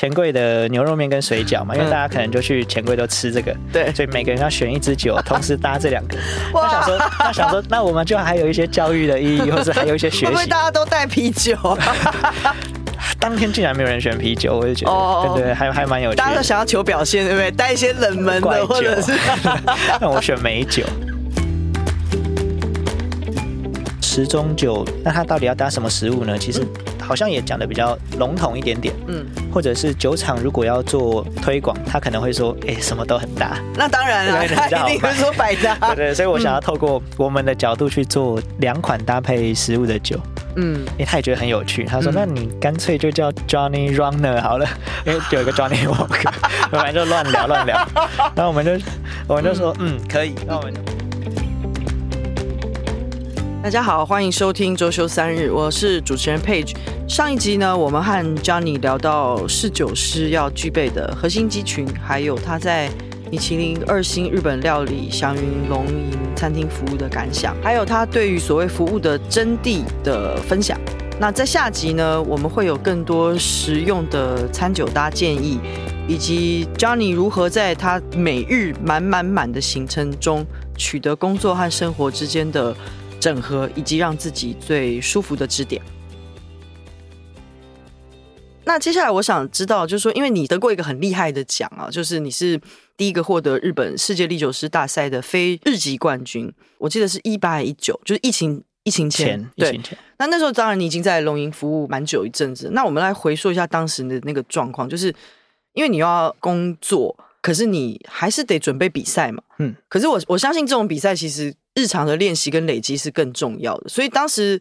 錢櫃的牛肉麵跟水餃嘛，因為大家可能就去錢櫃都吃這個，對、嗯，所以每個人要選一支酒，同時搭這兩個。我想說，那想說，那我們就還有一些教育的意義，或是還有一些學習。因為大家都帶啤酒、啊？ 當天竟然沒有人選啤酒，我就覺得，哦哦對，對對，還還蠻有趣。大家都想要求表現，對不對？帶一些冷門的，酒。或者是 那我選美酒。時 鐘酒，那它到底要搭什麼食物呢？其實。嗯好像也講得比較籠統一點點，嗯，或者是酒廠如果要做推廣，他可能會說，哎、欸，什麼都很搭，那當然了，他一定會說百搭，對、對、對，所以我想要透過我們的角度去做兩款搭配食物的酒，嗯、欸，他也覺得很有趣，他說，嗯、那你乾脆就叫 Johnny Runner 好了，因為有一個 Johnny Walker，反正 就亂聊亂聊，亂聊 然後我們就我們就說，嗯，嗯，可以，那我們。大家好，歡迎收聽週休三日，我是主持人 Page。上一集呢，我們和 Johnny 聊到侍酒師要具備的核心肌群，還有他在米其林二星日本料理祥雲龍吟餐廳服務的感想，還有他對於所謂服務的真諦的分享。那在下集呢，我們會有更多實用的餐酒搭建議，以及 Johnny 如何在他每日滿滿滿的行程中取得工作和生活之間的。整合以及讓自己最舒服的支點。那接下來我想知道，就是說，因為你得過一個很厲害的獎啊，就是你是第一個獲得日本世界唎酒師大賽的非日籍冠軍。我記得是一八一九，就是疫情疫情前、前。對，疫情前，對。那那時候當然你已經在龍吟服務蠻久一陣子。那我們來回溯一下當時的那個狀況，就是因為你要工作，可是你還是得準備比賽嘛。嗯。可是我我相信這種比賽其實。日常的練習跟累積是更重要的，所以當時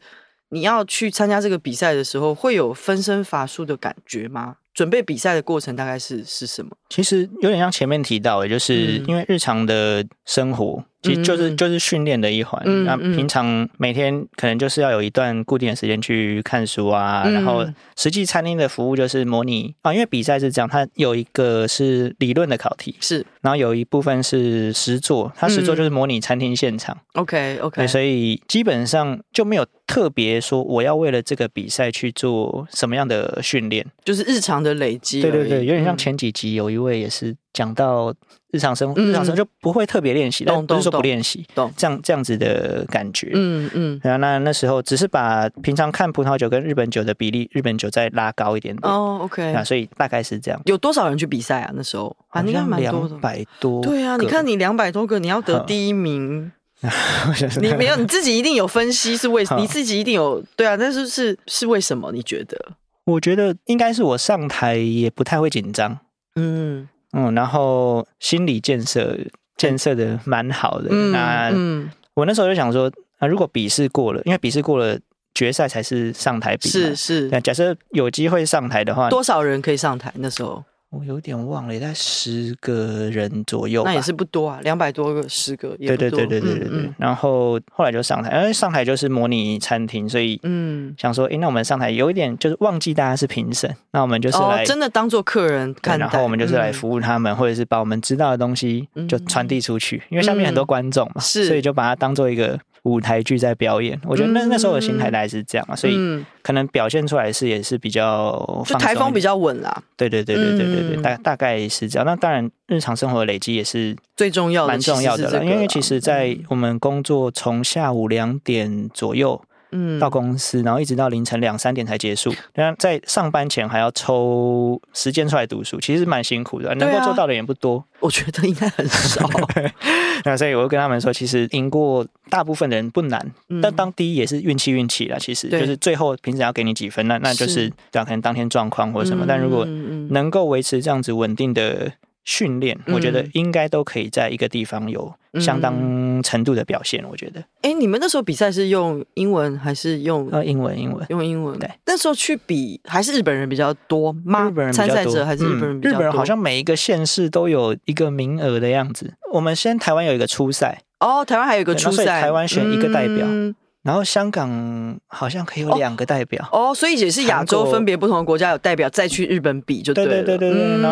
你要去參加這個比賽的時候，會有分身乏術的感覺嗎？準備比賽的過程大概是是什麼？其實有點像前面提到欸，就是因為日常的生活，嗯。其實就是就是訓練的一環，那平常每天可能就是要有一段固定的時間去看書啊，嗯、然後實際餐廳的服務就是模擬啊，因為比賽是這樣，它有一個是理論的考題，是，然後有一部分是實做，它實做就是模擬餐廳現場。嗯、OK OK，對所以基本上就沒有特別說我要為了這個比賽去做什麼樣的訓練，就是日常的累積。對對對，有點像前幾集有一位也是。講到日常生活，日常生活就不會特別練習，都、嗯、不是說不練習，懂懂懂這樣這樣子的感覺，嗯嗯，然後那那時候只是把平常看葡萄酒跟日本酒的比例，日本酒再拉高一點哦，OK，那、啊、所以大概是這樣。有多少人去比賽啊？那時候啊，應該蠻多的，兩百多。對啊、嗯，你看你兩百多個，你要得第一名， 你沒有你自己一定有分析是為， 你自己一定有對啊，但、就是是是為什麼？你覺得？我覺得應該是我上台也不太會緊張，嗯。嗯，然後心理建設，建設的蠻好的。嗯、那、嗯、我那時候就想說，啊，如果筆試過了，因為筆試過了決賽才是上台比。是是。那假設有機會上台的話，多少人可以上台？那時候？我有點忘了，在十個人左右，那也是不多啊，兩百多個，十個對對對對對對，對，對，對，嗯嗯，然後後來就上台，因為上台就是模擬餐廳，所以嗯，想說，哎、嗯欸，那我們上台有一點就是忘記大家是評審，那我們就是來、哦、真的當做客人看待，然後我們就是來服務他們，嗯、或者是把我們知道的東西就傳遞出去嗯嗯，因為下面很多觀眾嘛、嗯，是，所以就把它當做一個。舞台劇在表演、嗯，我覺得那那時候的心態還是這樣啊、嗯，所以可能表現出來是也是比較就台風比較穩啦。對對對對對對對、嗯，大大概是這樣。那當然，日常生活的累積也是最重要的，蠻重要的。因為其實，在我們工作從下午兩點左右。嗯嗯嗯，到公司，然後一直到凌晨兩三點才結束。那在上班前還要抽時間出來讀書，其實蠻辛苦的，啊、能夠做到的也不多。我覺得應該很少。 那所以我就跟他們說，其實贏過大部分人不難、嗯，但當第一也是運氣運氣啦。其實就是最後平時要給你幾分，那那就是要看、啊、可能當天狀況或什麼、嗯。但如果能夠維持這樣子穩定的。訓練，我覺得應該都可以在一個地方有相當程度的表現。嗯、我覺得，哎，你們那時候比賽是用英文還是用、呃？英文，英文，用英文。對，那時候去比還是日本人比較多嗎？日本人比較多，參賽者還是日本人，比較多、嗯，日本人，嗯？日本人好像每一個縣市都有一個名額的樣子。我們先台灣有一個初賽哦，台灣還有一個初賽，台灣選一個代表。嗯然後香港好像可以有兩個代表哦，哦，所以也是亞洲分別不同的國家有代表再去日本比就，就對對對對對。嗯、然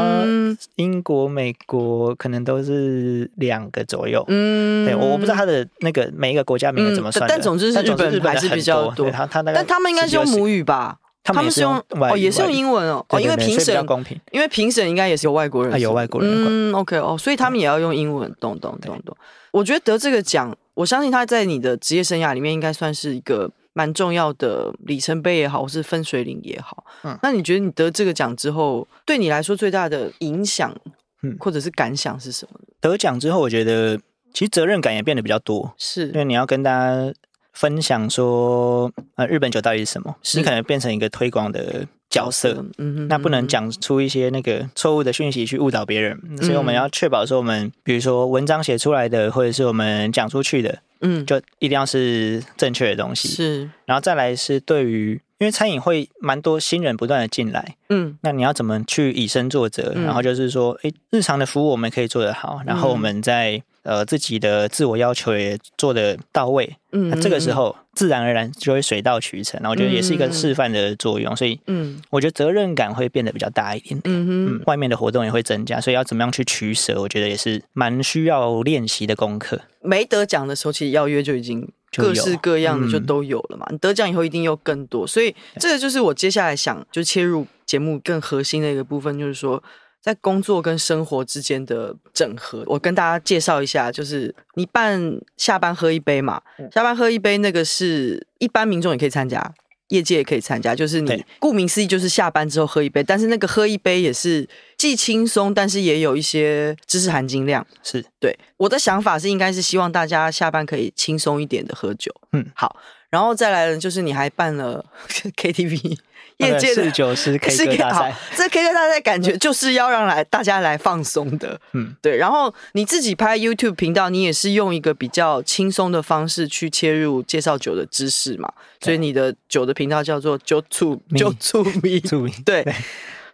後英國、美國可能都是兩個左右，嗯，對，我不知道他的那個每一個國家名字怎麼算、嗯、但總之是日本還是比較多，但，多但他們應該是用母語吧？他們是用外哦，也是用英文哦，對對對對哦，因為評審公平，因為評審應該也是有外國人，他有外國人，嗯，OK 哦，所以他們也要用英文，懂懂懂懂，我覺得得這個獎。我相信他在你的職業生涯裡面應該算是一個蠻重要的里程碑也好，或是分水嶺也好。嗯，那你覺得你得這個獎之後，對你來說最大的影響，或者是感想是什麼？嗯，得獎之後，我覺得其實責任感也變得比較多，是，因為你要跟大家。分享說，呃，日本酒到底是什麼？是可能變成一個推廣的角色，嗯，那不能講出一些那個錯誤的訊息去誤導別人。嗯，所以我們要確保說，我們比如說文章寫出來的，或者是我們講出去的，嗯，就一定要是正確的東西。是，然後再來是對於，因為餐飲會蠻多新人不斷的進來，嗯，那你要怎麼去以身作則？嗯，然後就是說，誒，日常的服務我們可以做得好，然後我們在。嗯呃，自己的自我要求也做的到位，那嗯嗯嗯、啊、這個時候自然而然就會水到渠成。那我覺得也是一個示範的作用，所以嗯，我覺得責任感會變得比較大一點點。嗯嗯，外面的活動也會增加，所以要怎麼樣去取捨，我覺得也是蠻需要練習的功課。沒得獎的時候，其實邀約就已經就各式各樣的就都有了嘛。嗯、你得獎以後一定又更多，所以這個就是我接下來想就切入節目更核心的一個部分，就是說。在工作跟生活之間的整合，我跟大家介紹一下，就是你辦下班喝一杯嘛，下班喝一杯那個是一般民眾也可以參加，業界也可以參加，就是你顧名思義就是下班之後喝一杯，但是那個喝一杯也是既輕鬆，但是也有一些知識含金量。是，是，對，我的想法是應該是希望大家下班可以輕鬆一點的喝酒。嗯，好。然後再來呢，就是，你還辦了 KTV 業界的侍酒、oh, 師 K 歌大賽，這 K 歌大賽感覺就是要讓來大家來放鬆的，嗯，對。然後你自己拍 YouTube 頻道，你也是用一個比較輕鬆的方式去切入介紹酒的知識嘛，所以你的酒的頻道叫做酒促咪。酒促咪對。對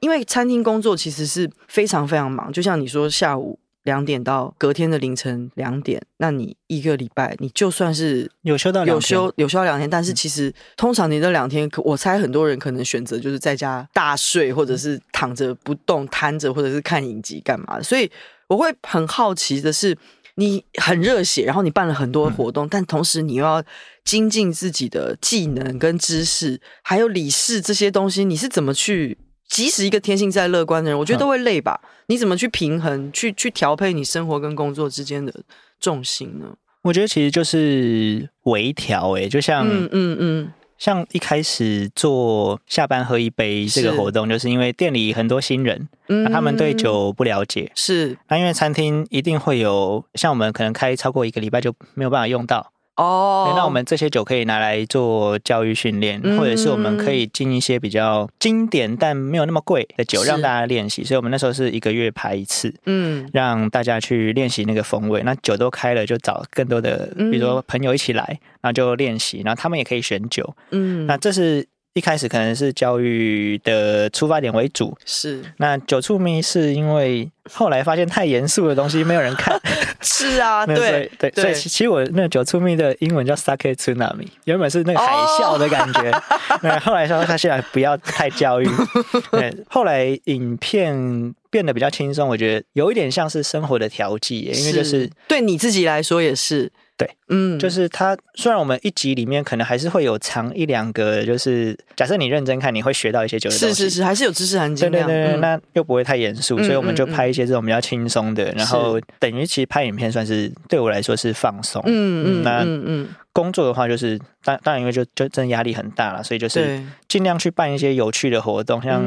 因為餐廳工作其實是非常非常忙，就像你說下午。兩點到隔天的凌晨兩點，那你一個禮拜你就算是有休到有休到兩天有休，有休到兩天，但是其實、嗯、通常，你這兩天，我猜很多人可能選擇就是在家大睡，或者是躺着不動、嗯、癱着，或者是看影集幹嘛的，所以我會很好奇的是，你很熱血，然後你辦了很多活動，嗯、但同時你又要精進自己的技能跟知識，嗯、還有理事這些東西，你是怎麼去？即使一個天性再樂觀的人，我覺得都會累吧？嗯、你怎麼去平衡、去去調配你生活跟工作之間的重心呢？我覺得其實就是微調，誒，就像嗯嗯嗯，像一開始做下班喝一杯這個活動，是就是因為店裡很多新人，嗯，啊、他們對酒不了解，是那、啊、因為餐廳一定會有，像我們可能開超過一個禮拜就沒有辦法用到。哦、Oh，那我們這些酒可以拿來做教育訓練、嗯嗯，或者是我們可以進一些比較經典但沒有那麼貴的酒，讓大家練習。所以，我們那時候是一個月排一次，嗯，讓大家去練習那個風味。那酒都開了，就找更多的、嗯，比如說朋友一起來，那就練習，然後他們也可以選酒，嗯，那這是。一開始可能是教育的出發點為主，是。那酒促咪是因為後來發現太嚴肅的東西沒有人看， 是啊， 對對，對，所以其實我那酒促咪的英文叫 Sake Tsunami，原本，是那個海嘯的感覺，哦、後來說他現在不要太教育， 對，後來影片變得比較輕鬆，我覺得有一點像是生活的調劑耶，因為就是，是對你自己來說也是。對，嗯，就是他。雖然我們一集裡面可能還是會有藏一兩個，就是假設你認真看，你會學到一些知識。是是是，還是有知識含金量。對對對，嗯、那又不會太嚴肅、嗯，所以我們就拍一些這種比較輕鬆的、嗯。然後等於其實拍影片算是對我來說是放鬆。嗯嗯嗯。工作的話，就是當當然因為就就真的壓力很大了，所以就是盡量去辦一些有趣的活動，像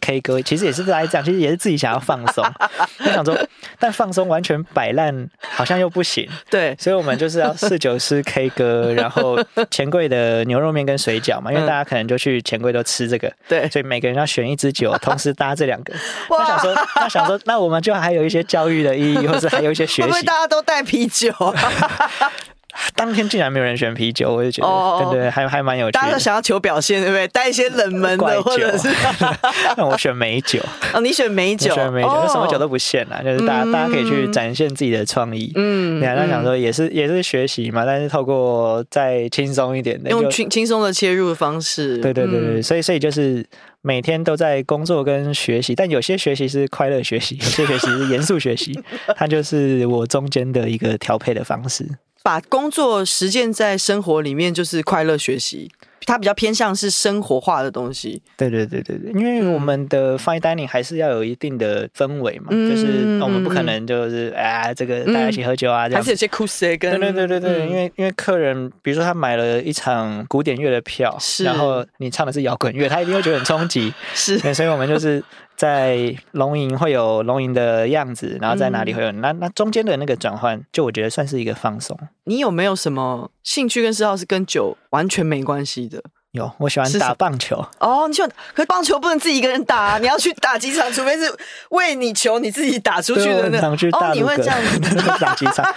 K 歌，嗯、其實也是在講，其實也是自己想要放鬆。我想說，但放鬆完全擺爛好像又不行，對，所以我們就是要侍酒師 K 歌，然後錢櫃的牛肉麵跟水餃嘛，因為大家可能就去錢櫃都吃這個，對、嗯，所以每個人要選一支酒，同時搭這兩個。我想說，他想說，那我們就還有一些教育的意義，或者還有一些學習，因為大家都帶啤酒。 當天竟然沒有人選啤酒，我就覺得，哦、對，對對，還還蠻有趣的。大家都想要求表現，對不對？帶一些冷門的酒或者是，那 我選美酒哦，你選美酒，我選美酒，哦、就什麼酒都不限啦，就是大家，嗯、大家可以去展現自己的創意。嗯，你還在想說也、嗯，也是也是學習嘛，但是透過再輕鬆一點的，用輕輕鬆的切入方式，對對對對、對、嗯，所以所以就是每天都在工作跟學習，但有些學習是快樂學習，有些學習是嚴肅學習， 它就是我中間的一個調配的方式。把工作實踐在生活裡面，就是快樂學習。它比較偏向是生活化的東西。對對對對對，因為我們的 fine dining 還是要有一定的氛圍嘛，嗯、就是我們不可能就是啊、呃，這個大家一起喝酒啊，嗯、這樣還是有些 cuisine 跟對對對對對，嗯、因為因為客人比如說他買了一場古典樂的票，是。然後你唱的是搖滾樂，他一定會覺得很衝擊。 是，所以我們就是。 在龍吟會有龍吟的樣子，然後在哪裡會有，嗯，那那中間的那個轉換，就我覺得算是一個放鬆。你有沒有什麼興趣跟嗜好是跟酒完全沒關係的？有，我喜歡打棒球。哦，你喜歡，可是棒球不能自己一個人打，啊！ 你要去打擊場，除非是餵你球你自己打出去的那。我常去打擊，哦、 場。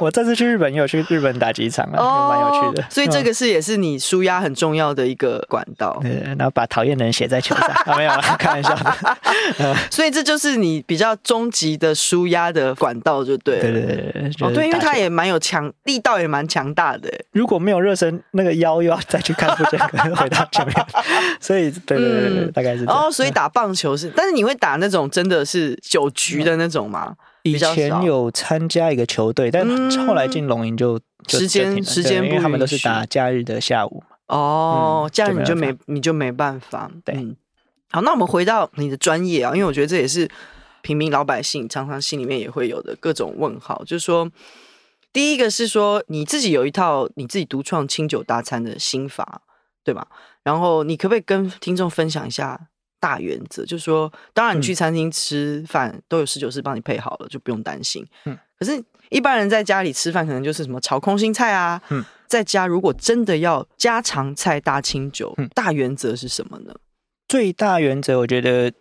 我這次去日本也有去日本打擊場啊。哦、蠻有趣的。所以這個是也是你紓壓很重要的一個管道。嗯、對，然後把討厭的人寫在球上， 啊。沒有，開玩笑，嗯。所以這就是你比較終極的紓壓的管道，就對了。對對對對。哦，對，因為它也蠻有強力道，也蠻強大的，欸。如果沒有熱身，那個腰又要再去看不見。 回到這邊，所以對對對、對，大概是、嗯。哦，所以打棒球是， 但是你會打那種真的是九局的那種嗎？以前有參加一個球隊、嗯，但後來進龍吟就，就時間時間，不。他們都是打假日的下午哦、嗯，假日你就沒你就沒辦法。對、嗯，好，那我們回到你的專業啊，因為我覺得這也是平民老百姓常常心裡面也會有的各種問號，就是說，第一個是說你自己有一套你自己獨創清酒搭餐的心法。對吧？然後你可不可以跟聽眾分享一下大原則？就是說，當然你去餐廳吃飯、嗯、都有侍酒師幫你配好了，就不用擔心。嗯。可是，一般人在家裡吃飯，可能就是什麼炒空心菜啊。嗯。在家如果真的要家常菜搭清酒，嗯、大原則是什麼呢？最大原則，我覺得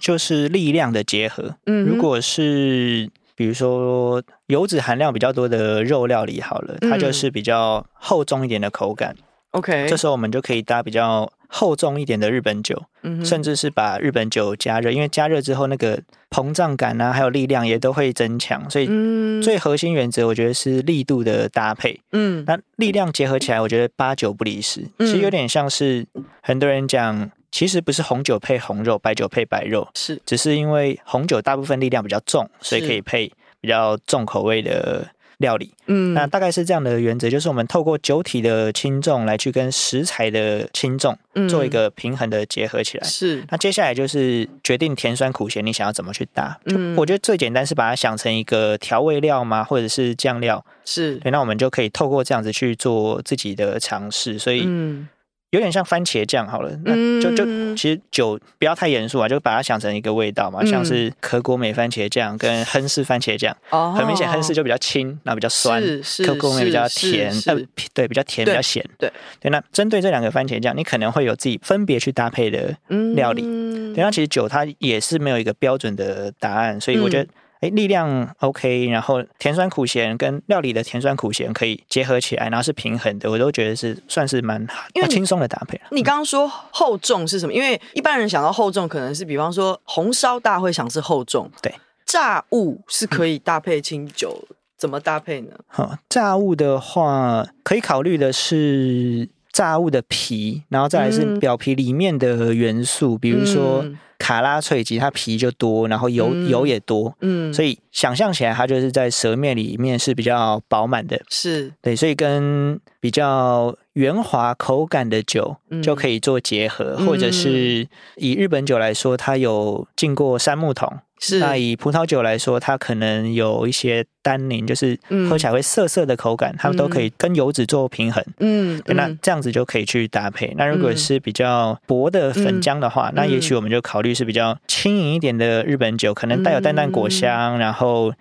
就是力量的結合。嗯。如果是比如說油脂含量比較多的肉料理好了，嗯、它就是比較厚重一點的口感。OK，這時候我們就可以搭比較厚重一點的日本酒，嗯，甚至是把日本酒加熱，因為加熱之後那個膨脹感啊，還有力量也都會增強。所以嗯，最核心原則，我覺得是力度的搭配。嗯，那力量結合起來，我覺得八九不離十。嗯，其實有點像是很多人講，其實不是紅酒配紅肉，白酒配白肉，是只是因為紅酒大部分力量比較重，所以可以配比較重口味的。料理，嗯，那大概是這樣的原則，就是我們透過酒體的輕重來去跟食材的輕重做一個平衡的結合起來。嗯。是，那接下來就是決定甜酸苦鹹你想要怎麼去搭。嗯，我覺得最簡單是把它想成一個調味料嘛，或者是醬料。是，對，那我們就可以透過這樣子去做自己的嘗試。所以，嗯。有點像番茄醬好了，那就就其實酒不要太嚴肅啊，就把它想成一個味道嘛，嗯、像是可果美番茄醬跟亨氏番茄醬，哦，很明顯亨氏就比較輕，然後比較酸，可果美比較甜，呃，對比較甜比較鹹，對，那針對這兩個番茄醬，你可能會有自己分別去搭配的料理。嗯、對、那其實酒它也是沒有一個標準的答案，所以我覺得。嗯力量 OK，然後甜酸苦鹹跟料理的甜酸苦鹹可以結合起來，然後是平衡的，我都覺得是算是蠻好，因為啊、輕鬆的搭配。你剛剛說厚重是什麼？因為一般人想到厚重，可能是比方說紅燒，大家會想是厚重。對，炸物是可以搭配清酒，嗯、怎麼搭配呢？好、哦，炸物的話，可以考慮的是。炸物的皮，然後再來是表皮裡面的元素，嗯、比如說卡拉脆雞，它皮就多，然後油、嗯、油也多，嗯，所以想象起來它就是在舌面裡面是比較飽滿的，是對，所以跟比較圓滑口感的酒就可以做結合，嗯、或者是以日本酒來說，它有進過杉木桶，那以葡萄酒來說，它可能有一些單寧，就是喝起來會澀澀的口感，嗯、它們都可以跟油脂做平衡。嗯，嗯，那這樣子就可以去搭配。那如果是比較薄的粉漿的話，嗯、那也許我們就考慮是比較輕盈一點的日本酒，可能帶有淡淡果香，嗯、然後。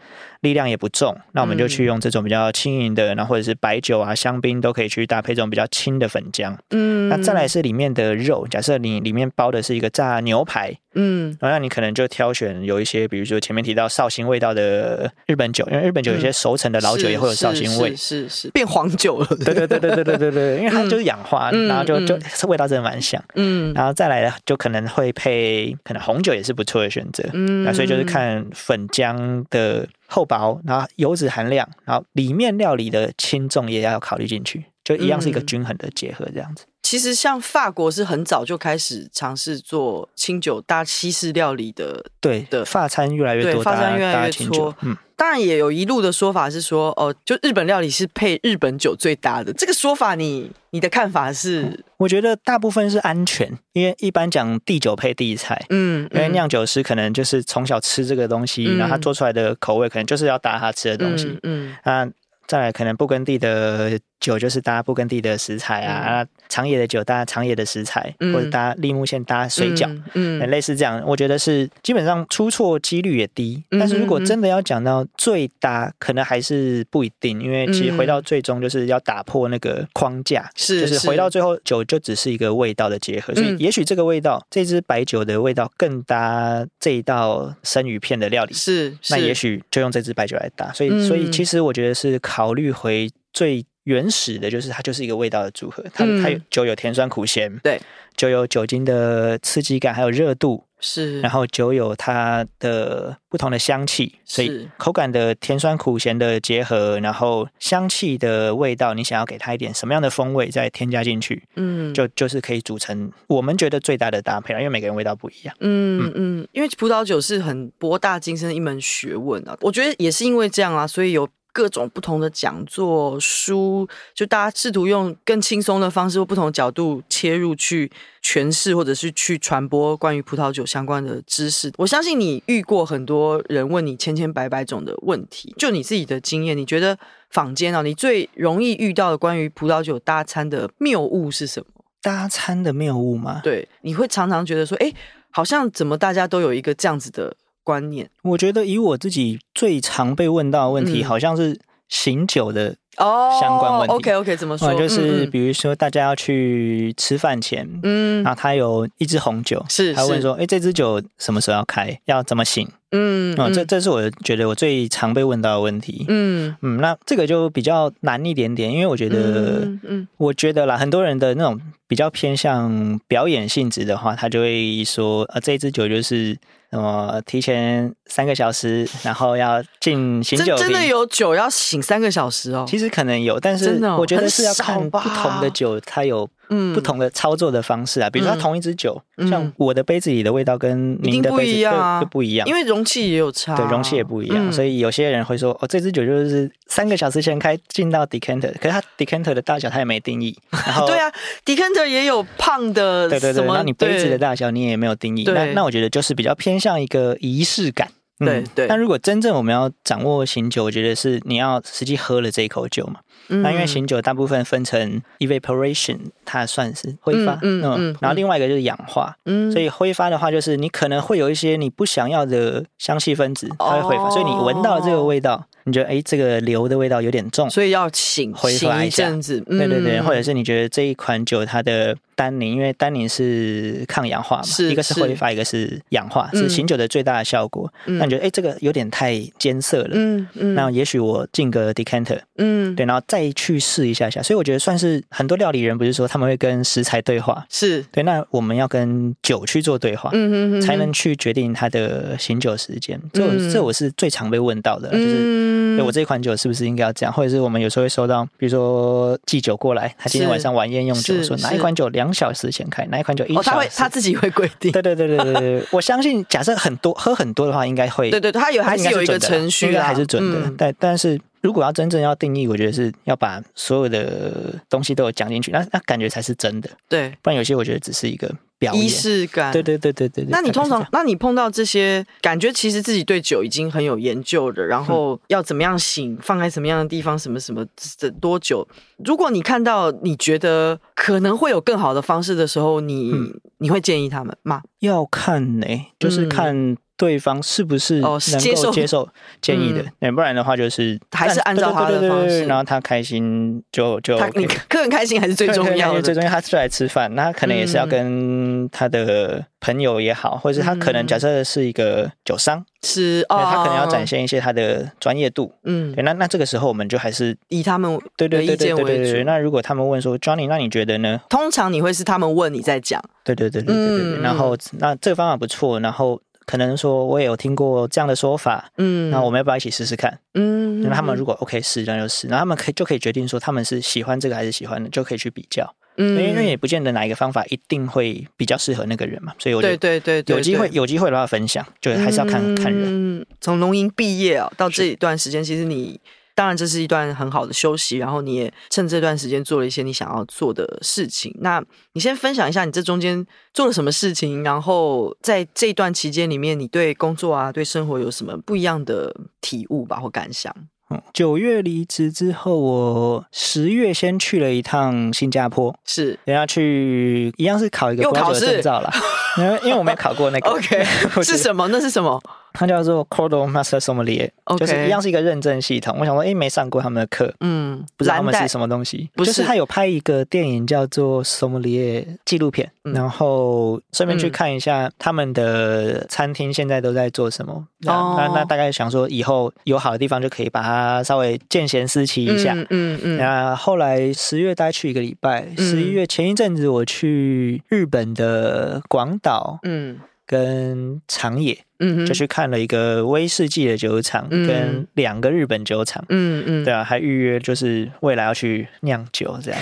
力量也不重，那我們就去用這種比較輕盈的，嗯，然後或者是白酒啊、香檳都可以去搭配這種比較輕的粉漿。嗯，那再來是裡面的肉，假設你裡面包的是一個炸牛排，嗯，然後那你可能就挑選有一些，比如說前面提到紹興味道的日本酒，因為日本酒有些熟成的老酒也會有紹興味，嗯、是是變黃酒了。對對對對對對對對， 因為它就是氧化，嗯、然後就就味道真的蠻香。嗯，然後再來就可能會配，可能紅酒也是不錯的選擇。嗯，那所以就是看粉漿的。厚薄，然後油脂含量，然後裡面料理的輕重也要考慮進去。就一樣是一個均衡的結合，這樣子、嗯。其實像法國是很早就開始嘗試做清酒搭西式料理的，對的。法餐越來越多，法餐越來越多搭清酒，嗯，當然也有一路的說法是說，哦，就日本料理是配日本酒最搭的。這個說法你，你你的看法是、嗯？我覺得大部分是安全，因為一般講地酒配地菜，嗯，嗯，因為釀酒師可能就是從小吃這個東西、嗯，然後他做出來的口味可能就是要搭他吃的東西，嗯。嗯，那再來可能布根地的。酒就是搭布根地的食材啊，啊，長野的酒搭長野的食材，嗯、或者搭栃木縣搭水餃、嗯嗯，類似這樣，我覺得是基本上出錯幾率也低、嗯。但是如果真的要講到最搭，可能還是不一定，因為其實回到最終就是要打破那個框架，是、嗯、就是回到最後酒就只是一個味道的結合，所以也許這個味道，嗯、這支白酒的味道更搭這一道生魚片的料理，是，是那也許就用這支白酒來搭。所以、嗯、所以其實我覺得是考慮回最。原始的，就是它就是一個味道的組合。它、嗯、它酒有，有甜酸苦鹹，對，酒有酒精的刺激感，還有熱度，是。然後酒有它的不同的香氣，所以口感的甜酸苦鹹的結合，然後香氣的味道，你想要給它一點什麼樣的風味再添加進去，嗯，就就是可以組成我們覺得最大的搭配了、啊，因為每個人味道不一樣。嗯嗯，因為葡萄酒是很博大精深的一門學問啊，我覺得也是因為這樣啊，所以有。各種不同的講座書，就大家試圖用更輕鬆的方式或不同角度切入去詮釋，或者是去傳播關於葡萄酒相關的知識。我相信你遇過很多人問你千千百百種的問題。就你自己的經驗，你覺得坊間啊，你最容易遇到的關於葡萄酒搭餐的謬誤是什麼？搭餐的謬誤嗎？對，你會常常覺得說，哎，好像怎麼大家都有一個這樣子的。觀念，我覺得以我自己最常被問到的問題，嗯、好像是醒酒的哦相關問題。Oh, OK OK，怎麼說？就是比如說大家要去吃飯前，嗯,嗯，然後他有一支紅酒，是,是，他問說：“哎、欸，這支酒什麼時候要開？要怎麼醒？”嗯,嗯，啊、哦，這這是我覺得我最常被問到的問題。嗯嗯，那這個就比較難一點點，因為我覺得，嗯,嗯我覺得啦，很多人的那種比較偏向表演性質的話，他就會說：“啊這支酒就是。”那麼提前三個小時，然後要進醒酒。這真的有酒要醒三個小時哦？其實可能有，但是我覺得是要看不同的酒，它有。嗯，不同的操作的方式啊，比如說它同一支酒，嗯嗯，像我的杯子裡的味道跟您的一，不一樣。啊，就不一樣，因為容器也有差，對，容器也不一樣，嗯，所以有些人會說，哦，這支酒就是三個小時前開進到 decanter，可是它 decanter 的大小它也沒定義，然後 對啊，decanter 也有胖的什麼，對對對，那你杯子的大小你也沒有定義，那那我覺得就是比較偏向一個儀式感，對、嗯、對。那如果真正我們要掌握醒酒，我覺得是你要實際喝了這一口酒嘛。那因為醒酒大部分分成 evaporation，、嗯、它算是揮發，嗯，嗯，然後另外一個就是氧化，嗯，所以揮發的話就是你可能會有一些你不想要的香氣分子它會揮發、哦，所以你聞到這個味道，你覺得哎、欸、這個硫的味道有點重，所以要醒揮發一下一陣子，對對對、嗯，或者是你覺得這一款酒它的單寧，因為單寧是抗氧化嘛，一個是揮發，一個是氧化，嗯、是醒酒的最大的效果、嗯。那你覺得哎、欸、這個有點太艱澀了，嗯嗯，那也許我進個 decanter，嗯，對，然後。再去試一下下，所以我覺得算是很多料理人，不是說他們會跟食材對話，是對。那我們要跟酒去做對話，嗯嗯嗯，才能去決定它的醒酒時間。這、嗯、這我是最常被問到的，就是對我這款酒是不是應該要這樣、嗯，或者是我們有時候會收到，比如說寄酒過來，他今天晚上晚宴用酒，說哪一款酒兩小時前開，哪一款酒一小時，哦、他會他自己會規定。對對對對對對， 我相信假設很多喝很多的話，應該會。對對、對，它有還是有一個程序啊，應該是準的啦、程序啊、應該還是準的，對、但、嗯、但是。如果要真正要定義，我覺得是要把所有的東西都有講進去，那那感覺才是真的。對，不然有些我覺得只是一個表演儀式感。對對對對對。那你通常，看看那你碰到這些感覺，其實自己對酒已經很有研究的，然後要怎麼樣醒，放在什麼樣的地方，什麼什麼，等多久？如果你看到你覺得可能會有更好的方式的時候，你你會建議他們嗎？要看呢、欸嗯，就是看。對方是不是能夠接受建議的？要、哦嗯、不然的話，就是還是按照他的方式，對對對然後他開心就就 OK, 他客人開心還是最重要的，最重要。他是來吃飯，那他可能也是要跟他的朋友也好，嗯、或者是他可能假設是一個酒商，是哦，他可能要展現一些他的專業度。嗯，對，那那這個時候我們就還是以他們對對對對對對對，那如果他們問說 Johnny，那你覺得呢？通常你會是他們問你在講，對對對對對對,對、嗯，然後那這個方法不錯，然後。可能說，我也有聽過這樣的說法，嗯，那我們要不要一起試試看？嗯，那他們如果 OK 試，那就試，是，然後他們可以就可以決定說他們是喜歡這個還是喜歡的，就可以去比較，嗯，因為也不見得哪一個方法一定會比較適合那個人嘛，所以我覺得對對，對對對，有機會有機會的話分享，就還是要看、嗯、看人。從龍吟畢業啊，哦，到這一段時間，其實你。當然，這是一段很好的休息，然後你也趁這段時間做了一些你想要做的事情。那你先分享一下你這中間做了什麼事情，然後在這段期間裡面，你對工作啊、對生活有什麼不一樣的體悟吧或感想？嗯，九月離職之後，我十月先去了一趟新加坡，是，等下去一樣是考一個資格證照了，因為因為我沒有考過那個 ，OK， 是什麼？那是什麼？它叫做 Cordon Master Sommelier，okay、就是一樣是一個認證系統。我想說，誒、欸、沒上過他們的課，嗯，不知道他們是什麼東西。不、就是，他有拍一個電影叫做紀錄《Sommelier 紀錄片，然後順便去看一下他們的餐廳現在都在做什麼。嗯啊哦、那那大概想說以後有好的地方就可以把它稍微見賢思齊一下。然嗯嗯。那、嗯嗯啊、後來十月大概去一個禮拜，十、嗯、一月前一陣子我去日本的廣島。嗯。跟長野，嗯嗯，就去看了一個威士忌的酒廠、嗯，跟兩個日本酒廠，嗯嗯，對啊，還預約就是未來要去釀酒，這樣。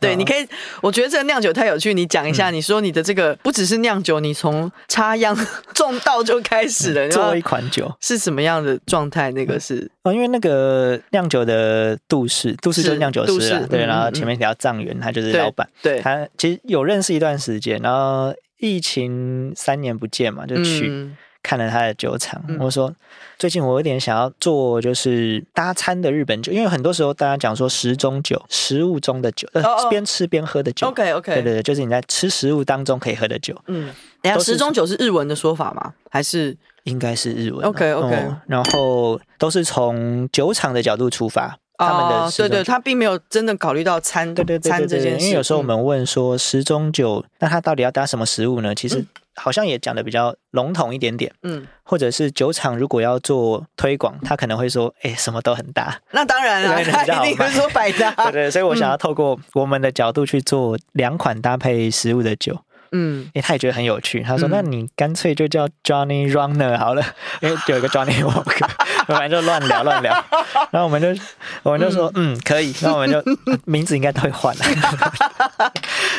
對，你可以，我覺得這個釀酒太有趣。你講一下、嗯，你說你的這個不只是釀酒，你從插秧種稻就開始了，嗯、做一款酒是什麼樣的狀態？那個是、嗯、哦，因為那個釀酒的杜氏，杜氏就是釀酒師啊，對，嗯嗯嗯對，然後前面提到藏元，他就是老闆，對，對他其實有認識一段時間，然後。疫情三年不見嘛，就去看了他的酒廠、嗯。我說，最近我有點想要做就是搭餐的日本酒，嗯、因為很多時候大家講說食中酒、食物中的酒，呃，邊、哦哦、吃邊喝的酒。OK OK，對對對，就是你在吃食物當中可以喝的酒。嗯，等一下，然後食中酒是日文的說法嗎？還是應該是日文、啊、？OK OK，、嗯、然後都是從酒廠的角度出發。他們的、哦，對對，他並沒有真的考慮到餐對，對，對，對，對，對餐這件事，因為有時候我們問說時鐘酒，嗯、那它到底要搭什麼食物呢？其實好像也講的比較籠統一點點，嗯，或者是酒廠如果要做推廣，他可能會說，哎、欸，什麼都很搭，那當然啦，他一定會說百搭， 對，對，所以我想要透過我們的角度去做兩款搭配食物的酒。嗯，為、欸、他也覺得很有趣。他說：“嗯、那你乾脆就叫 Johnny Runner 好了、嗯，因為有一個 Johnny Walker。”反正就亂聊亂聊。然後我們就，我們就說：“嗯，嗯可以。”然後我們就、啊、名字應該都會換了。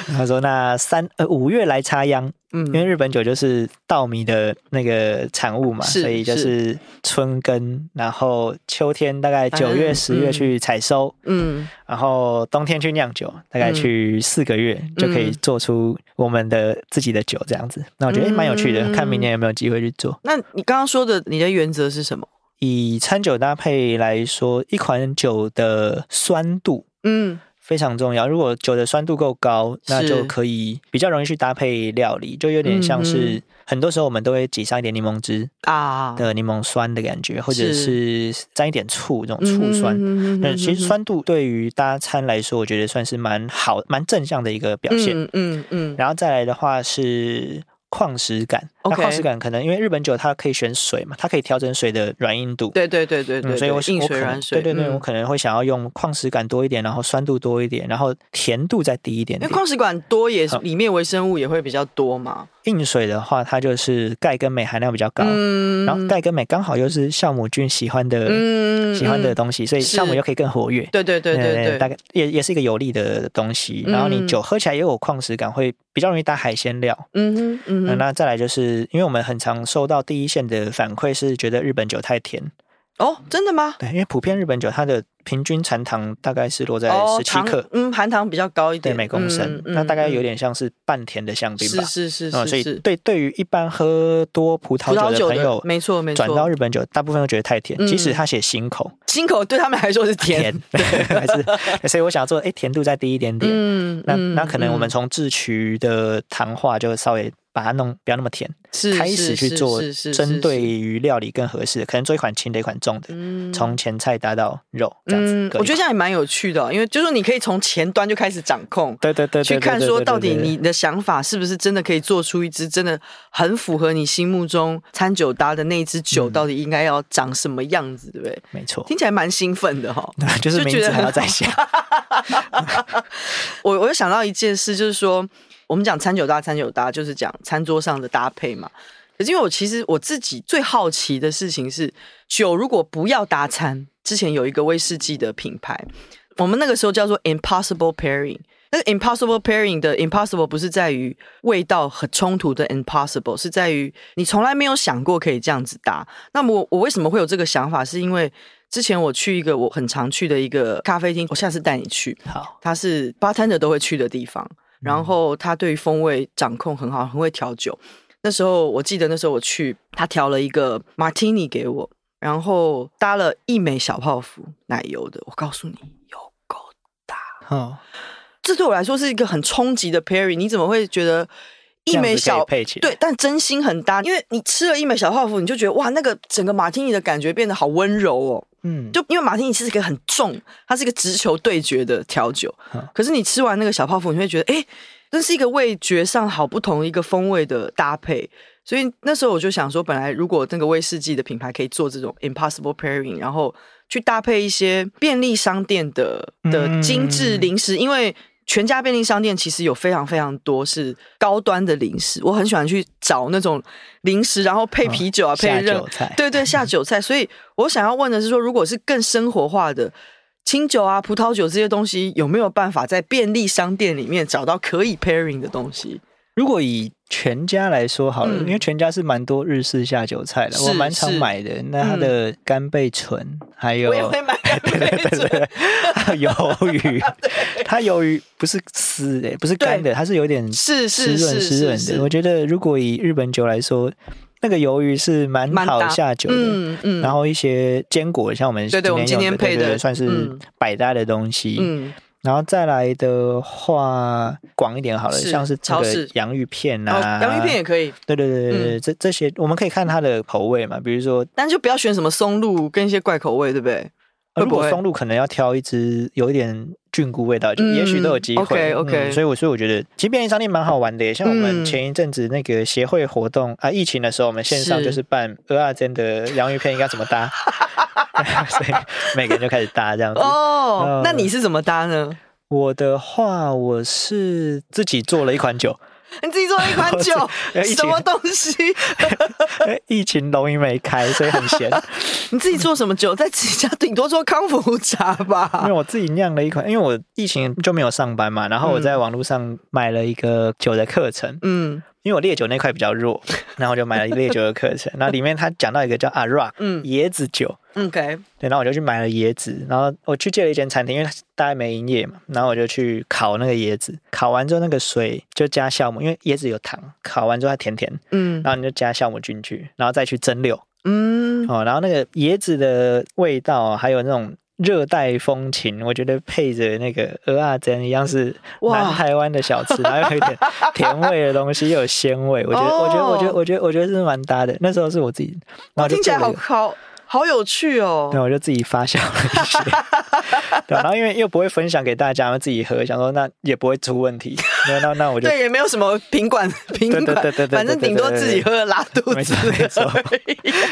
他 說：“那三，呃，五月來插秧。”嗯，因為日本酒就是稻米的那個產物嘛，所以就是春耕，然後秋天大概九月、嗯、十月去採收，嗯，然後冬天去釀酒、嗯，大概去四個月就可以做出我們的自己的酒這樣子。那、嗯、我覺得蠻有趣的，嗯、看明年有沒有機會去做。那你剛剛說的，你的原則是什麼？以餐酒搭配來說，一款酒的酸度，嗯。非常重要。如果酒的酸度夠高，那就可以比較容易去搭配料理，就有點像是嗯嗯很多時候我們都會擠上一點檸檬汁啊的檸檬酸的感覺，啊，或者是沾一點醋這種醋酸。那、嗯嗯嗯嗯嗯嗯、其實酸度對於大家餐來說，我覺得算是蠻好、蠻正向的一個表現。嗯嗯，嗯，嗯，然後再來的話是。礦石感，那、okay. 礦石感可能因為日本酒它可以選水嘛，它可以調整水的軟硬度。對對對對對，對、嗯，所以我對對對硬水軟水，對對對、嗯，我可能會想要用礦石感多一點，然後酸度多一點，然後甜度再低一點，點。因為礦石感多也、嗯、裡面微生物也會比較多嘛。硬水的話，它就是鈣跟鎂含量比較高，嗯、然後鈣跟鎂剛好又是酵母菌喜歡的、嗯、喜歡的東西，嗯、所以酵母又可以更活躍。對,對對對對對，嗯、大概也也是一個有利的東西。然後你酒喝起來也有礦石感，會比較容易搭海鮮料。嗯嗯嗯。那再來就是，因為我們很常收到第一線的反饋是，覺得日本酒太甜。哦，真的嗎？對，因為普遍日本酒它的。平均殘糖大概是落在十七克，哦，嗯，含糖比較高一點，對嗯、每公升、嗯嗯，那大概有點像是半甜的香檳吧，是是是、嗯、是，是，所以對對於一般喝多葡萄酒的朋友，沒錯，沒錯，轉到日本酒，大部分都覺得太甜，嗯、即使他寫辛口，辛口對他們來說是甜，還是， 所以我想要做，哎、欸，甜度再低一點點，嗯，那嗯那可能我們從製麴的糖化就稍微。把它弄不要那麼甜是，開始去做針對於料理更合適的，可能做一款輕的一款重的，嗯、從前菜搭到肉這樣子。我覺得這樣也蠻有趣的，哦，因為就是說你可以從前端就開始掌控，對對對，去看說到底你的想法是不是真的可以做出一支真的很符合你心目中餐酒搭的那支酒，到底應該要長什麼樣子，嗯，對不對？沒錯，聽起來蠻興奮的哈，哦， 就是名字還要再想。就 我我又想到一件事，就是說。我們講餐酒搭餐酒搭，就是講餐桌上的搭配嘛。可是因為我其實我自己最好奇的事情是，酒如果不要搭餐，之前有一個威士忌的品牌，我們那個時候叫做 Impossible Pairing。但是 Impossible Pairing 的 Impossible 不是在於味道很衝突的 Impossible，是在於你從來沒有想過可以這樣子搭。那麼我我為什麼會有這個想法？是因為之前我去一個我很常去的一個咖啡廳，我下次帶你去。好，它是 Bartender 都會去的地方。然後他對於風味掌控很好，很會調酒。那時候我記得，那時候我去，他調了一個馬提尼給我，然後搭了一枚小泡芙奶油的。我告訴你，有夠搭。哈、哦，這對我來說是一個很衝擊的 pairing。你怎麼會覺得一枚小配起？對，但真心很搭，因為你吃了一枚小泡芙，你就覺得哇，那個整個馬提尼的感覺變得好溫柔哦。嗯，就因為馬天尼其實可以很重，它是一個直球對決的調酒。可是你吃完那個小泡芙，你會覺得，哎、欸，真是一個味覺上好不同一個風味的搭配。所以那時候我就想說，本來如果那個威士忌的品牌可以做這種 impossible pairing，然後去搭配一些便利商店的的精致零食，嗯、因為。全家便利商店其實有非常非常多是高端的零食，我很喜歡去找那種零食，然後配啤酒啊、哦、下酒菜，配熱，對對下酒菜。 所以我想要問的是說，說如果是更生活化的清酒啊、葡萄酒這些東西，有沒有辦法在便利商店裡面找到可以 pairing 的東西？如果以全家來說好了，嗯、因為全家是蠻多日式下酒菜的，我蠻常買的，嗯。那它的干貝醇，還有我也會買，魷 魚， 它魷魚不是絲的，欸，不是乾的，它是有點濕潤濕潤是濕潤濕潤的。我覺得如果以日本酒來說，那個魷魚是蠻好下酒的，嗯，嗯然後一些堅果，像我們今天的對，對對，我們今天配的對對對算是百搭的東西，嗯。嗯然後再來的話，廣一點好了，是像是超市洋芋片啊，洋芋片也可以。對對對對對，嗯、這這些我們可以看它的口味嘛，比如說，但就不要選什麼松露跟一些怪口味，對不對？如果松露可能要挑一支有一點。菌菇味道就也許都有機會、嗯、OK OK、嗯、所以我所以我覺得其實便利商店蠻好玩的，像我們前一陣子那個協會活動、嗯、啊，疫情的時候我們線上就是辦鵝耳尖的洋芋片應該怎麼搭， 所以每個人就開始搭這樣子。哦、oh，那你是怎麼搭呢？我的話，我是自己做了一款酒。你自己做了一款酒，什麼東西？ 疫情龍吟沒開，所以很閒。 你自己做什麼酒？在自己家頂多做康復茶吧。因為我自己釀了一款，因為我疫情就沒有上班嘛，然後我在網絡上買了一個酒的課程，嗯。嗯因為我烈酒那塊比較弱，然後我就買了一個烈酒的課程。 然後裡面他講到一個叫 Ara，嗯，椰子酒，嗯、okay.，對，然後我就去買了椰子，然後我去借了一間餐廳，因為大家沒營業嘛，然後我就去烤那個椰子。烤完之後，那個水就加酵母，因為椰子有糖，烤完之後它甜甜，嗯，然後你就加酵母進去，然後再去蒸餾，嗯，哦，然後那個椰子的味道還有那種。熱帶風情，我覺得配着那個蚵仔煎一樣是南台灣的小吃，然後有一點甜味的東西，又 有鮮味，我覺得，oh. 我覺得，我覺得，我覺得，我覺得是蠻搭的。那時候是我自己，然後我就做這好有趣哦！對，我就自己發酵了一些， 對，然後因為又不會分享給大家，然後自己喝，想說那也不會出問題，那那我就 對，也沒有什麼品管品管對對對對對對對對，反正頂多自己喝拉肚子，沒錯，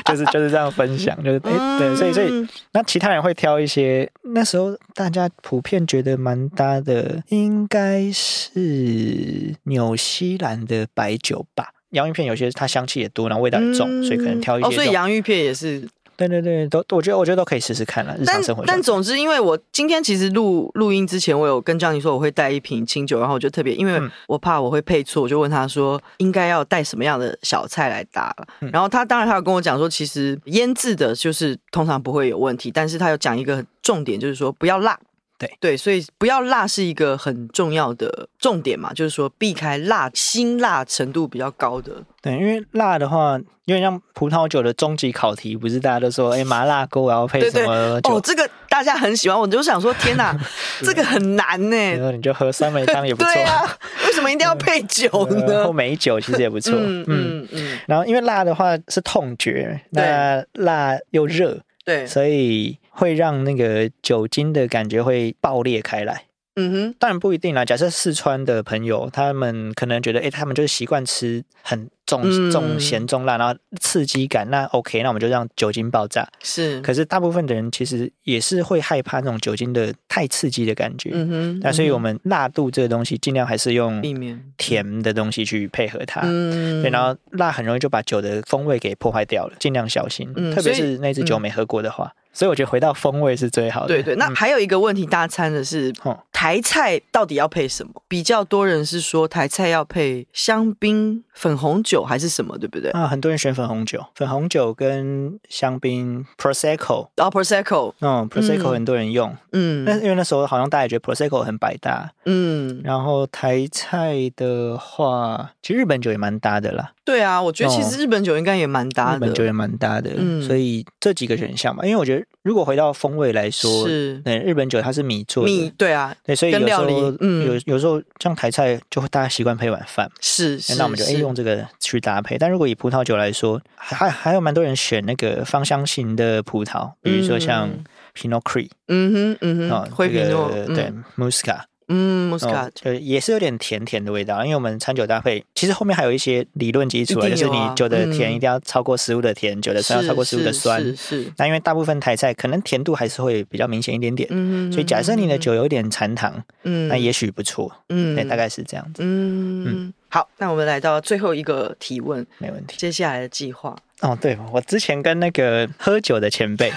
就是就是這樣分享，就是、嗯欸、對，所以所以那其他人會挑一些，那時候大家普遍覺得蠻搭的，應該是紐西蘭的白酒吧，洋芋片有些它香氣也多，然後味道也重，嗯、所以可能挑一些、哦，所以洋芋片也是。對對對，都我覺得我覺得都可以試試看了。日常生活但，但總之，因為我今天其實錄錄音之前，我有跟張寧說我會帶一瓶清酒，然後我就特別，因為我怕我會配錯，我就問他說應該要帶什麼樣的小菜來搭了。嗯。然後他當然他有跟我講說，其實醃制的就是通常不會有問題，但是他有講一個重點，就是說不要辣。對對，所以不要辣是一個很重要的重點嘛，就是說避開辣、辛辣程度比較高的。對，因為辣的話，有點像葡萄酒的終極考題，不是大家都說哎，麻辣鍋我要配什麼酒？對對哦，這個大家很喜歡，我就想說天哪， 這個很難呢。然後你就喝酸梅湯也不錯。 對啊，為什麼一定要配酒呢？喝美酒其實也不錯。 嗯嗯，嗯，然後因為辣的話是痛覺，那辣又熱，對，所以。會讓那個酒精的感覺會爆裂開來。嗯哼，當然不一定啦、啊。假設四川的朋友，他們可能覺得，哎、欸，他們就是習慣吃很重重鹹重辣，然後刺激感，那 OK，那我們就讓酒精爆炸。是，可是大部分的人其實也是會害怕那種酒精的太刺激的感覺。嗯哼，嗯哼，那所以我們辣度這個東西，儘量還是用避免甜的東西去配合它。嗯哼，對，然後辣很容易就把酒的風味給破壞掉了，儘量小心，嗯、特別是那支酒沒喝過的話。嗯。所以我覺得回到風味是最好的。對對，嗯、那還有一個問題，大家的是台菜到底要配什麼？比較多人是說台菜要配香檳、粉紅酒還是什麼，對不對？啊，很多人選粉紅酒，粉紅酒跟香檳、Prosecco、oh, Prosecco，嗯，Prosecco 很多人用，嗯，那因為那時候好像大家也覺得 Prosecco 很百搭，嗯，然後台菜的話，其實日本酒也蠻搭的啦。對啊，我覺得其實日本酒應該也蠻搭的。哦，日本酒也蠻搭的。嗯，所以這幾個選項嘛，因為我覺得如果回到風味來說，是，對、嗯，日本酒它是米做的，米，對啊，對，所以有時候，跟料理，嗯，有有時候像台菜就會大家習慣配碗飯，是，那我們就哎、欸、用這個去搭配。但如果以葡萄酒來說，還還有蠻多人選那個芳香型的葡萄，嗯、比如說像 Pinot Gris 嗯哼，嗯哼，啊、哦，灰皮諾、這個、嗯、對 Muscat。Musca, Mm, 嗯，莫斯卡，呃，也是有點甜甜的味道，因為我們餐酒搭配，其實後面還有一些理論基礎，啊，就是你酒的甜一定要超過食物的甜，嗯，酒的酸要超過食物的酸。是，那因為大部分台菜可能甜度還是會比較明顯一點點，嗯，所以假設你的酒有點殘糖，嗯，那也許不錯，嗯，對，大概是這樣子，嗯，嗯，好，那我們來到最後一個提問，沒問題，接下來的計劃。哦，對，我之前跟那個喝酒的前輩，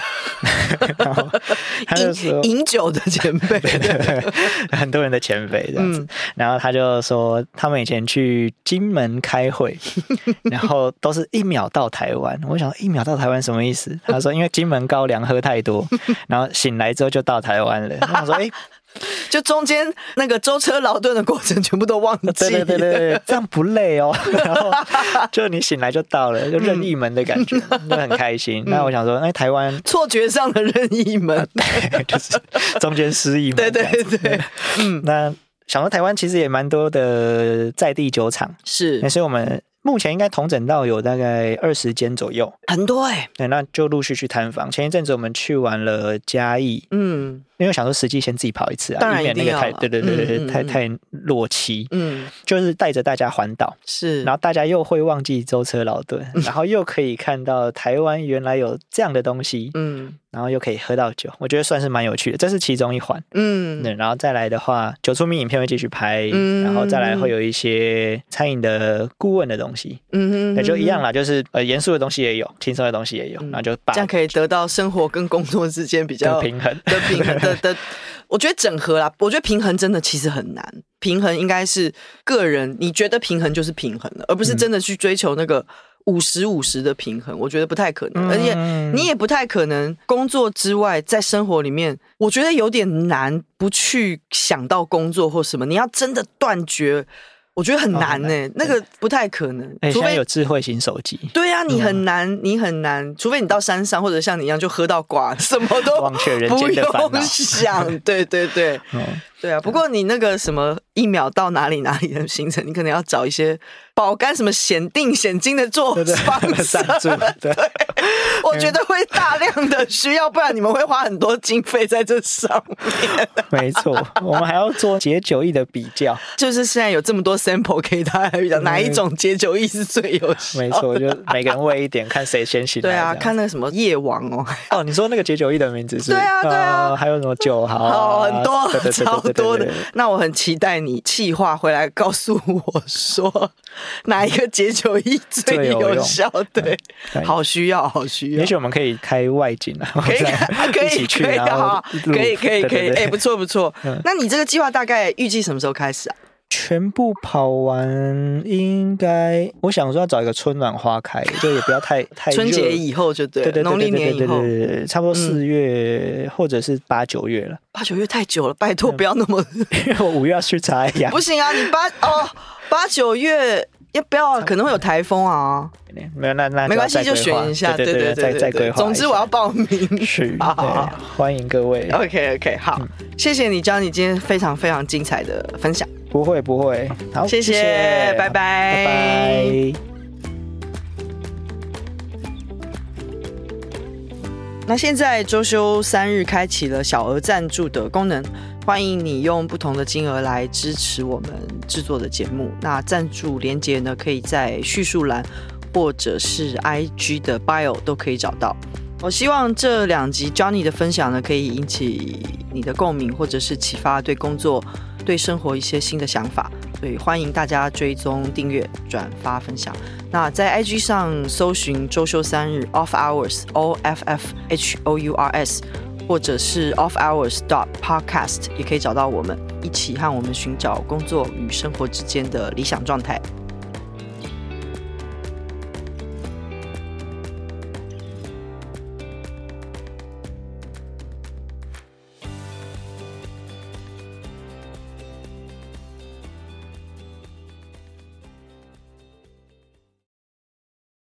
然後他就說 飲，飲酒的前輩，對對對，很多人的前輩這樣子，嗯、然後他就說他們以前去金門開會，然後都是一秒到台灣，我想說一秒到台灣什麼意思？他說因為金門高粱喝太多，然後醒來之後就到台灣了。我說哎。誒就中間那個舟車勞頓的過程全部都忘記，對，對對對對，這樣不累哦。 然後就你醒來就到了，就任意門的感覺，就、嗯、很開心。那、嗯、我想說，哎、欸，台灣錯覺上的任意門，啊、就是中間失憶，對對對、對。嗯，那想說台灣其實也蠻多的在地酒廠，是，所以我們。目前應該同整到有大概二十間左右，很多哎、欸。對，那就陸續去探訪。前一陣子我們去完了嘉義，嗯，因為我想說實際先自己跑一次啊，避免那個太、嗯、對對對對、嗯、太太落漆。嗯，就是帶着大家環島，是、嗯，然後大家又會忘記舟車勞頓，然後又可以看到台灣原來有這樣的東西，嗯，然後又可以喝到酒，我覺得算是蠻有趣的，這是其中一環。嗯，那，然後再來的話，酒促咪影片會繼續拍，嗯。然後再來會有一些餐飲的顧問的東西。嗯哼,哼,哼，嗯，也就一樣啦，就是呃，嚴肅的東西也有，輕鬆的東西也有，那、嗯、就把這樣可以得到生活跟工作之間比較的平,平衡的平的的。的 我覺得整合啦，我覺得平衡真的其實很難，平衡應該是個人你覺得平衡就是平衡了，而不是真的去追求那個五十五十的平衡、嗯，我覺得不太可能，而且你也不太可能工作之外在生活裡面，我覺得有點難不去想到工作或什麼，你要真的斷絕。我覺得很難誒、欸，哦，那個不太可能。欸、除非有智慧型手機。對呀、啊，你很難、嗯，你很難，除非你到山上，或者像你一樣就喝到掛，什麼都不用想，忘卻人間的煩惱， 的 對對對、嗯，對啊。不過你那個什麼。一秒到哪裡哪裡的行程，你可能要找一些保肝什麼蜆錠蜆精的做法方式對對對。對，我覺得會大量的需要、嗯，不然你們會花很多經費在這上面。 沒錯，我們還要做解酒液的比較，就是現在有這麼多 sample 可以大家比較，哪一種解酒液是最有效、嗯、沒錯，就每個人餵一點，看誰先醒。對啊，看那個什麼夜王哦哦，你說那個解酒液的名字是？對啊對啊、呃，還有什麼酒好、啊哦、很多超多的。那我很期待。你企劃回來告訴我說，哪一個解酒液最有效？對，對，好需要，好需要。也許我們可以開外景啊，可以，可以可以，可以的哈，可以，可以，可以。哎，不錯，不錯、嗯。那你這個計劃大概預計什麼時候開始啊？全部跑完應該，我想說要找一個春暖花開，就也不要太太。春節以後就對，對對農曆年以後。對對對，差不多四月，嗯、或者是八九月了。八九月太久了，拜託不要那麼。 因為我五月要去查一下。不行啊，你八 哦八九月。也不要、啊不，可能會有颱風啊。沒有，那那沒關係，就選一下。對對對，對，對，對，對，對，對，對，對，總之我要報名去 對、 哦。歡迎各位。哦、OK OK，好，嗯、謝謝你，教你今天非常非常精彩的分享。不會不會，嗯、好，謝謝好，謝謝，拜拜拜拜。那現在周休三日開啟了小額贊助的功能。歡迎你用不同的金額來支持我們制作的節目。那贊助連結呢？可以在敘述欄，或者是 IG 的 bio 都可以找到。我希望這兩集 Johnny 的分享呢，可以引起你的共鳴，或者是啟發對工作、對生活一些新的想法。所以歡迎大家追蹤、訂閱、轉發、分享。那在 IG 上搜尋“周休三日 Off Hours O F F H O U R S”。或者是 offhours.podcast，也可以找到我們，一起和我們尋找工作與生活之間的理想狀態。